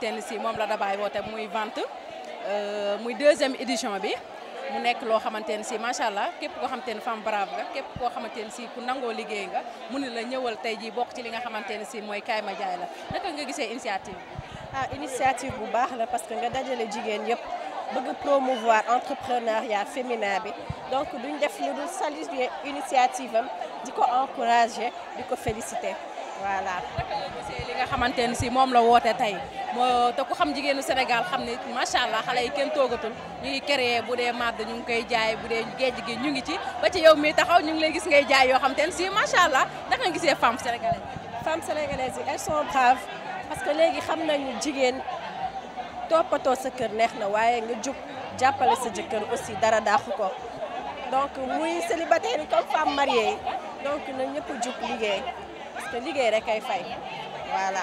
tenn sii moom la Dabaay woote muy vente euh, muy deuxième édition bi mu nekk loo xamante ne si macha allah képp koo xamante ne femme brave nga képp koo xamante ne si ku nangoo liggéey nga mu ne la ñëwal tey jii bokk ci li nga xamante ne si mooy kaay ma jaay la naka nga gisee initiative ah initiative bu baax la parce que nga dajale jigéen yëpp bëgg promouvoir entrepreneuriat féminin bi donc duñ def lu dul saluer initiative am di ko encourager di ko féliciter voilà li nga xamante ne si moom la woote tey moo te ku xam jigéenu Sénégal xam ne macha allah xale yi kenn toogatul ñu ngi créé bu dee màdd ñu ngi koy jaay bu dee gejj gi ñu ngi ci ba ci yow mii taxaw ñu ngi lay gis ngay jaay yoo xam te ne si macha allah naka nga gisee femme sénégalaise. femme sénégalaise yi elles sont braves parce que léegi xam nañu jigéen toppatoo sa kër neex na waaye nga jub jàppale sa jëkkër aussi dara daaxu ko donc muy célibataire yi comme femme mariée donc na ñëpp jub liggéey. parce que liggéey rek ay fay voilà.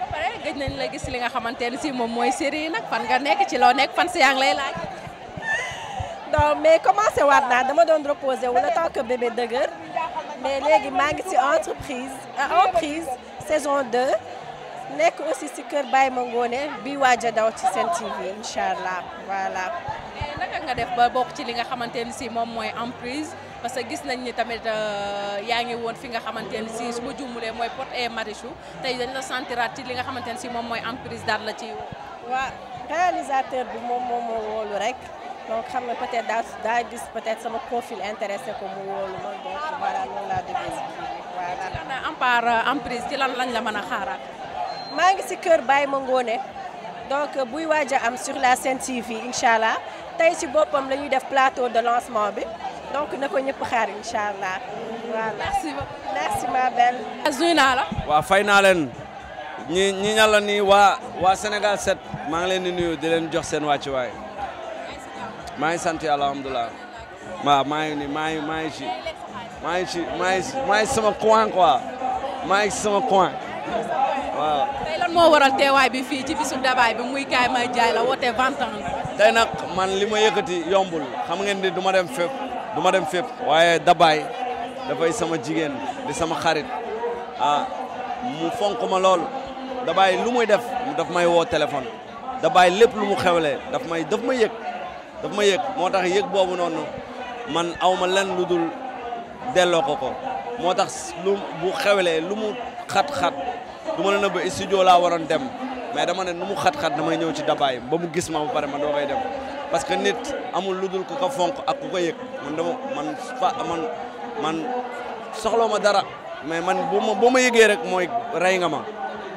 ba pare gëj nañ la gis li nga xamante ne si moom mooy série yi nag fan nga nekk ci loo nekk fan si yaa ngi lay laaj. non mais commencé waat naa dama doon reposé wu la temps que bébé dëgër mais léegi maa ngi ci entreprise ah, entreprise saison 2 nekk aussi ci kër bàyyi ma Mangone bi waaja daw ci Sen TV incha allah voilà. naka nga def ba bokk ci li nga xamante ne si moom mooy en emprise. parce que gis nañ ni tamit euh, yaa ngi woon fi nga xamante ne si su ma juumulee mooy Pod et Marichou tey dañ la sentiraat ci li nga xamante ne si moom mooy emprise daal la ci. waa réalisateur bi moom moom moo wóolu rek donc xam nga peut-être daa daa gis peut-être sama profil intéressé ko mu wóolu ma donc voilà laa déggee. waaw ci lan la empare euh, emprise ci lan lañ la mën a xaaraat. maa ngi si kër Baye ma Ngoné donc euh, buy waaj a am sur la Sen TV incha allah tey si boppam la def plateau de lancement bi. donc na ko ñëpp xaar incha allah. voilà ah, fay naa leen ñi ñi la nii waa waa Sénégal 7 maa ngi leen di nuyu di leen jox seen wàccuwaay maa ngi sant yàlla alhamdulilah maa ngi nii maa ngi maa ngi ci maa ngi ci maa maa ngi sama coin quoi maa ngi sama coin waaw. tey lan moo waral teewaay bi fii ci bisu dabaay bi muy kaay may jaay la woote vingt ans. tey nag man li ma yëkkati yombul xam ngeen ni du ma dem fépp. du ma dem fépp waaye dabaay dafay sama jigéen di sama xarit ah mu fonk ma lool dabaay lu muy def dafa may woo téléphone dabaay lépp lu mu xewlee dafa may daf ma yëg daf ma yëg moo tax yëg boobu noonu man aw ma lenn lu dul delloo ko ko moo tax lu bu xewlee lu mu xat-xat du ma la nëbb studio laa waroon dem mais dama ne nu mu xat-xat damay ñëw ci dabaay ba mu gis ma ba pare ma doo koy dem parce que nit amul lu dul ku ko fonk ak ku ko yëg man dama man fa man soxla ma dara mais man boo ma bu ma yëgee rek mooy rey nga ma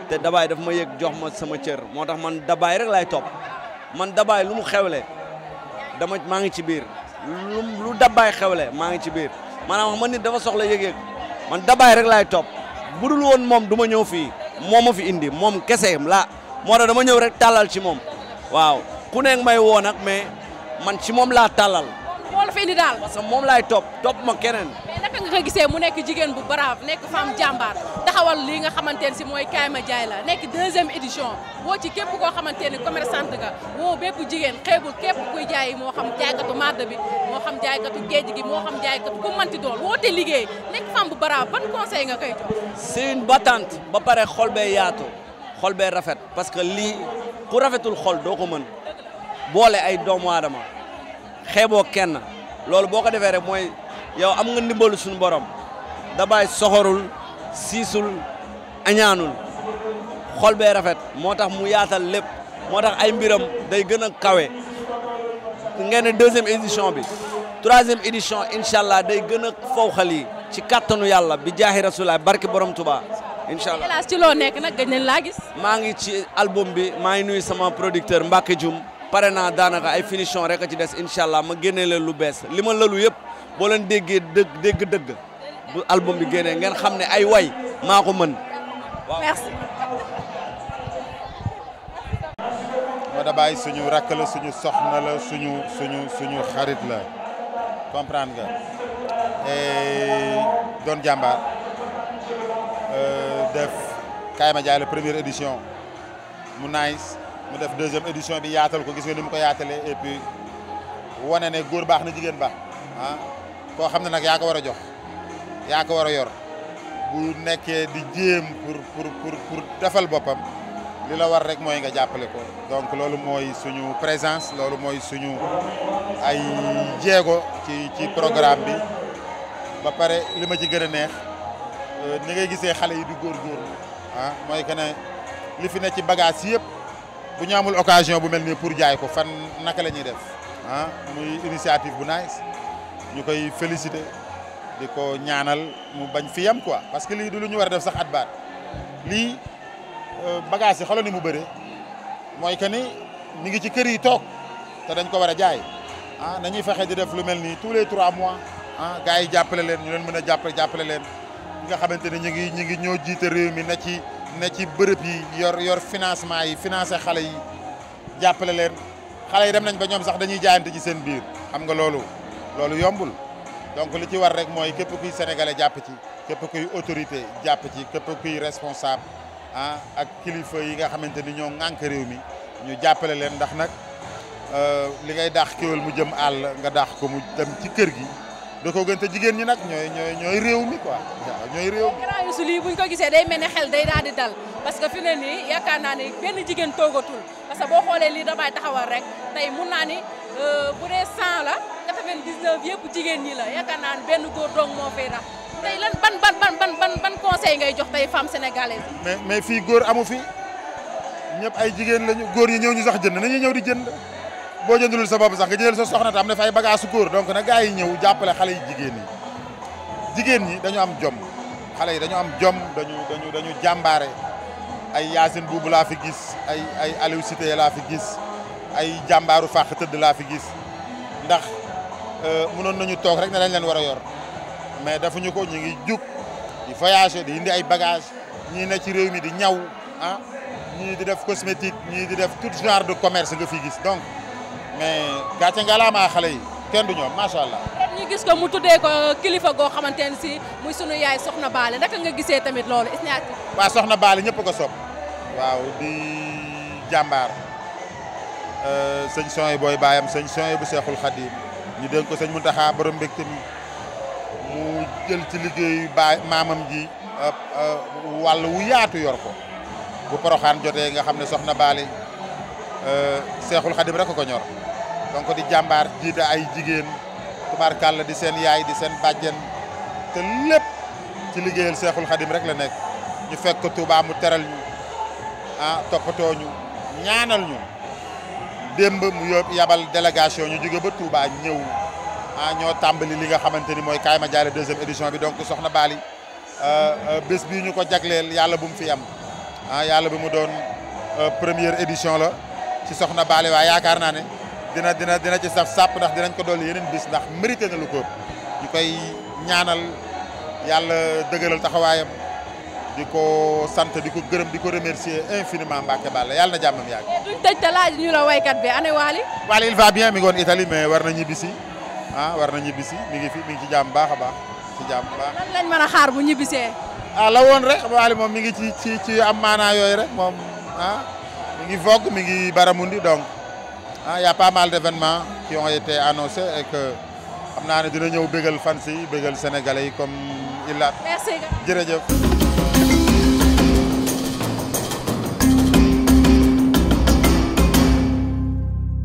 te dabaay daf ma yég jox ma sama cër moo tax man dabaay rek laay topp man dabaay lu mu xewle dama maa ngi ci biir lu lu dabaay xewle maa ngi ci biir maanaam man nit dafa soxla yëg-yëg man dabaay rek laay topp budul woon moom du ma ñëw fii moo ma fi indi moom kese la moo tax dama ñëw rek tàllal ci moom waaw ku ne may woo nag mais man ci moom laa tàllal. moo la fi indi daal. parce que moom laay topp topp ma keneen. mais naka nga ko gisee mu nekk jigéen bu brave nekk femme jàmbaar taxawal li nga xamante ne si mooy Kayma Jaay la nekk deuxième édition woo ci képp koo xamante ne commerçante nga woo bépp jigéen xeebul képp kuy jaay moo xam jaaykatu marde bi moo xam jaaykatu géej gi moo xam jaaykatu ku manti doon woote liggéey nekk femme bu brave ban conseil nga koy jox. c'est une ba pare xol bee yaatu xol rafet parce que lii ku rafetul xol doo ko mën. boole ay doomu aadama xeeboo kenn loolu boo ko defee rek mooy yow am nga ndimbalu suñu borom dabay soxorul siisul añaanul xol bee rafet moo tax mu yaatal lépp moo tax ay mbiram day gën a kawe ngeen ne deuxième édition bi troisième édition incha allah day gën a fawxal yi ci kattanu yàlla bi jaahi rasulaay barki borom Touba incha allah ci loo nekk nag gëj laa gis. maa ngi ci album bi maa ngi nuyu sama producteur Mbacke Dioum. pare naa daanaka ay finition rek a ci des incha allah ma génnee leen lu bees li ma lalu yëpp boo leen déggee dëgg dégg dëgg bu album bi génnee ngeen xam ne ay way maa ko mën. merci. Moda Baye suñu rakk la suñu soxna la suñu suñu suñu xarit la comprendre nga doon jàmbaar euh, def Kaay ma jaay la première édition mu nice mu def deuxième édition bi yaatal ko gis nga ni mu ko yaatalee et puis wane ne góor baax na jigéen baax ah koo xam ne nag yaa ko war a jox yaa ko war a yor bu nekkee di jéem pour pour pour defal boppam li la war rek mooy nga jàppale ko. donc loolu mooy suñu présence loolu mooy suñu ay jéego ci ci programme bi ba pare li ma ci gën a neex euh, ni ngay gisee xale yi di góor ah mooy que ne li fi ne ci bagage yëpp. bu ñu amul occasion bu mel nii pour jaay ko fan naka la ñuy def ah muy initiative bu nice ñu koy féliciter di ko ñaanal mu bañ fi yam quoi parce que lii du lu ñu war a def sax at baat lii euh, bagage yi xoolal ni mu bëre mooy que ni ñu ngi ci kër yi toog te dañ ko war a jaay ah nañuy fexe di def lu mel nii tous les trois mois ah gars yi jàppale leen ñu leen mën a jàppale jàppale leen ñi nga xamante ne ñu ngi ñu ngi ñoo jiite réew mi na ci. ne ci bërëb yi yor yor financement yi finance xale yi jàppale leen xale yi dem nañ ba ñoom sax dañuy jaayante ci seen biir xam nga loolu loolu yombul donc li ci war rek mooy képp kuy sénégalais jàpp ci képp kuy autorité jàpp ci képp kuy responsable ah ak kilifa yi nga xamante ni ñoo ŋànk réew mi ñu jàppale leen ndax nag euh, li ngay dàq kéwél mu jëm àll nga dàq ko mu dem ci kër gi da ko gën te jigéen ñi nag ñooy ñooy ñooy réew mi quoi waaw ñooy réew mi. Grand ko gisee day mel ni xel day daal dal parce que fi ne nii yaakaar naa ni benn jigéen toogatul parce que boo xoolee lii damay taxawal rek tey mun naa ni euh, bu dee 100 la 99 yëpp jigéen ñi la yaakaar naa benn góor dong moo fay rax tey lan ban ban ban ban conseil ngay jox tey femme sénégalaise. mais mais fii góor amu fi ñëpp ay jigéen lañu góor ñi ñëw ñu sax jënd nañu ñëw di jënd. boo jëndulul sa bopp sax nga jël sa soxna tam am dafay bagage su góor donc na gars yi ñëw jàppale xale yi jigéen ñi jigéen ñi dañu am jom xale yi dañu am jom dañu dañu dañu jàmbaare ay Yaasin Buubu laa fi gis ay ay Aliou laa fi gis ay jàmbaaru fàq tëdd laa fi gis ndax euh, mënoon nañu toog rek ne dañ leen war a yor mais dafuñu ko ñu ngi jug di voyager di indi ay bagage ñi ne ci réew mi di ñaw ah ñii di def cosmétique ñii di def tout genre de commerce nga fi gis donc mais gàcce ngalaama xale yi kenn du ñoom macha allah. ñu gis ko mu tuddee ko kilifa goo xamante ne si muy sunu yaay Soxna Baale naka nga gisee tamit loolu is Soxna Baale ñëpp ko sopp waaw di jàmbaar euh, sëñ sooy booy baayam sëñ sooy bu Seexul Xadiim ñu dénk ko sëñ Muntaxa borom mbégte mi mu jël ci liggéey baay maamam ji wàll wu yaatu yor ko bu poroxaan jotee nga xam ne Soxna Baale euh, Seexul Xadiim rek ko ñor. donc di jàmbaar jiite ay jigéen tubaarkàlla di seen yaay di seen bàjjen te lépp ci liggéeyal seexul xadim rek la nekk ñu fekk Touba mu teral ñu ah toppatoo ñu ñaanal ñu démb mu yób yabal délégation ñu jóge ba Touba ñëw ah ñoo tàmbali li nga xamante ni mooy Kaay ma jaale deuxième édition bi donc soxna Bali euh, euh, bés bii ñu ko jagleel yàlla bu mu fi am ah yàlla bi mu doon euh, première édition la ci soxna baali waaye yaakaar naa ne. dina dina dina ci saf sàpp ko dolli yeneen bis ndax mérité na lu ko ñu koy ñaanal yàlla dëgëral taxawaayam di ko sant di ko gërëm di ko remercier infiniment Mbacke Balla yàlla na jàmmam yàgg. duñ tëj te laaj ñu la waykat bi ane Waly. Waly il va bien mi ngi woon Italie mais na ñibbi si ah war na si mi ngi fi mi ngi ci jàmm baax a baax ci jàmm baax. lan lañ mën a xaar bu ñibbisee. ah la woon rek Waly moom mi ngi ci ci ci am maanaa yooyu rek moom ah mi ngi vogue mi ngi ah il a pas mal d'événements qui ont été annoncés et que xam naa ne dina ñëw bégal fans yi bégal sénégalais yi comme il l'a. jërëjëf.